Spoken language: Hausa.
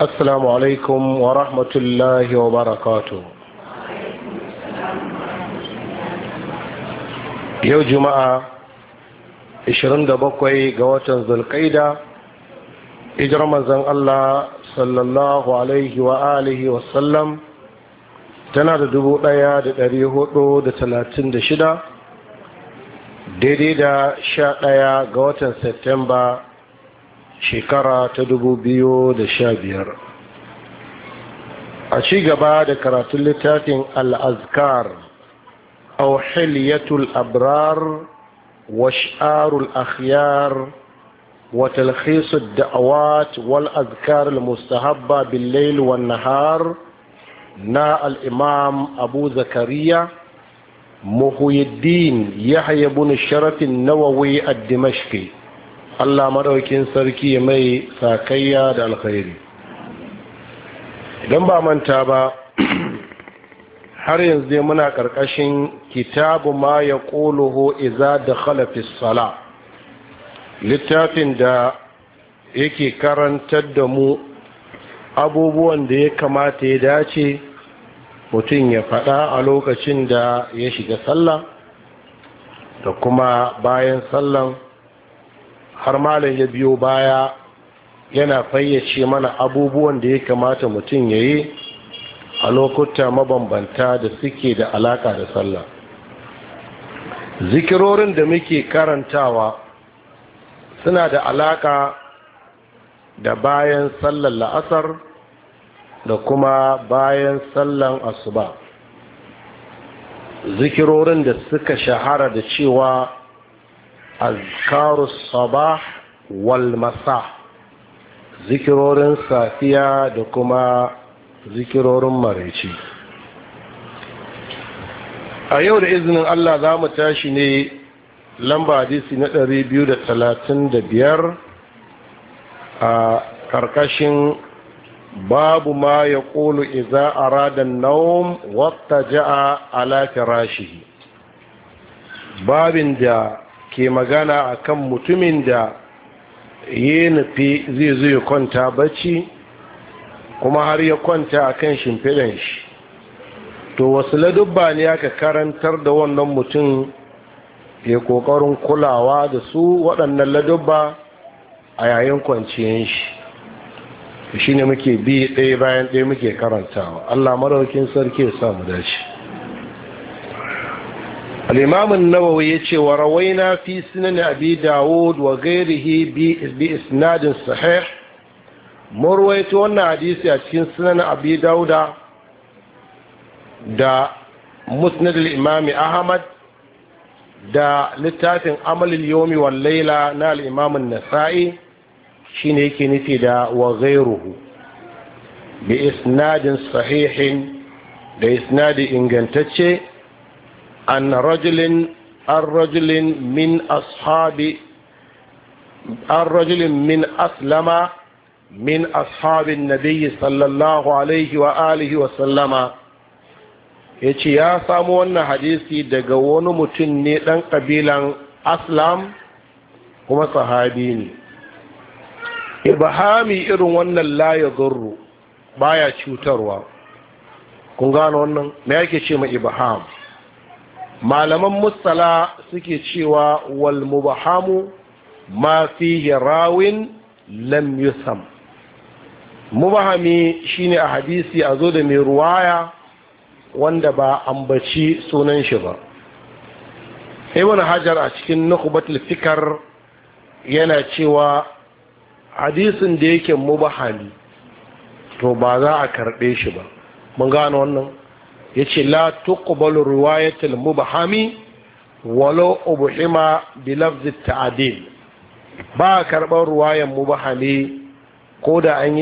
السلام عليكم ورحمة Yau juma'a يوم جمعة 27 ga watan zulkaida hijirar manzon Allah sallallahu alaihi wa alihi wa sallam tana da dubu ɗaya da ɗari hudu da talatin da shida daidai da sha ɗaya ga watan Septemba shekara ta dubu biyu da sha biyar a ci gaba da karatun littafin al'azkar auhiliyatul abrar washarul akhyar wa talkhisud da'awat wal azkar al mustahabba bil lail wan nahar na al imam abu zakariya muhyiddin yahya ibn sharaf an nawawi a Dimashki. Allah madaukin sarki mai sakayya da alkhairi idan ba manta ba har yanzu dai muna ƙarƙashin kitabu ma ya ƙoloho iza da khalafis sala littafin da yake karantar da mu abubuwan da ya kamata ya dace mutum ya faɗa a lokacin da ya shiga sallah da kuma bayan sallan har malam ya biyo baya yana fayyace mana abubuwan da ya kamata mutum ya yi a lokuta mabambanta da suke da alaka da sallah zikirorin da muke karantawa suna da alaka da bayan sallar la'asar da kuma bayan sallan asuba zikirorin da suka shahara da cewa azkarus sabah wal masa zikirorin safiya da kuma zikirorin maraici a yau da izinin Allah za mu tashi ne lamba hadisi na 235 a karkashin babu ma ya ƙulu iza a radar naum wata ja'a ala firashihi babin da ke magana a kan mutumin da ya nufi zai zo kwanta bacci kuma har ya kwanta a kan shimfiɗan shi to wasu ladubba ne aka karantar da wannan mutum ya ƙoƙarin kulawa da su waɗannan ladubba a yayin kwanciyar shi shi ne muke bi ɗaya bayan ɗaya muke karantawa allah maraukin sarki ya samu dace Limamin nawawi ya ce wa rawaina fi sunan abi dawud wa gairihi bi isnadin sahih marwaito wannan hadisi a cikin sunan abi dauda da musnad al'imami ahmad da littafin amalin yomi wal laila na al'imamun nasa'i shine yake nufi da wa gairuhu bi isnadin sahihin da isnadi ingantacce an rajulin an rajulin min ashabi an rajulin min aslama min ashabin nabiyyi sallallahu alaihi wa alihi wa sallama ya ce ya samu wannan hadisi daga wani mutum ne ɗan ƙabilan aslam kuma sahabi ne ibhami irin wannan laye zurru baya cutarwa kun gano wannan me yake ce ma ibham malaman mustala suke cewa wal mubahamu ma fihi rawin lam yusam mubahami shine a hadisi a zo da mai ruwaya wanda ba ambaci sunan shi ba ibn hajar a cikin nukhbatul fikar yana cewa hadisin da yake mubahami to ba za a karbe shi ba mun gano wannan يتي لا تقبل رواية المبحمي ولو أبحما بلفظ التعديل با كربا رواية مبحمي قودا